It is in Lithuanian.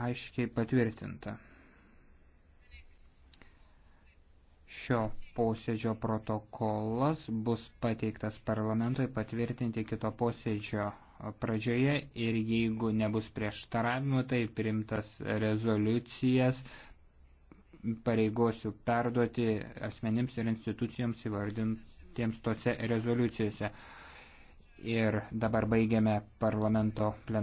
aiškiai patvirtinta. Šio posėdžio protokolas bus pateiktas parlamentui patvirtinti kito posėdžio pradžioje ir jeigu nebus prieštaravimų, tai primtas rezoliucijas pareigosiu perduoti asmenims ir institucijoms įvardintiems tose rezoliucijose. Ir dabar baigiame parlamento pleną.